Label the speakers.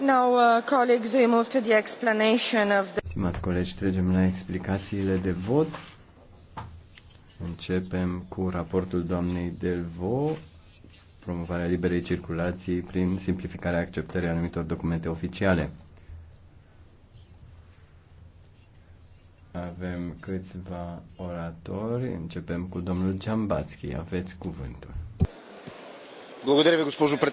Speaker 1: Now, uh, colleagues, we move to the explanation of the...
Speaker 2: Stimați colegi, trecem la explicațiile de vot. Începem cu raportul doamnei Delvo, promovarea liberei circulații prin simplificarea acceptării anumitor documente oficiale. Avem câțiva oratori. Începem cu domnul Giambatski. Aveți cuvântul.
Speaker 3: Благодаря ви, госпожо председател.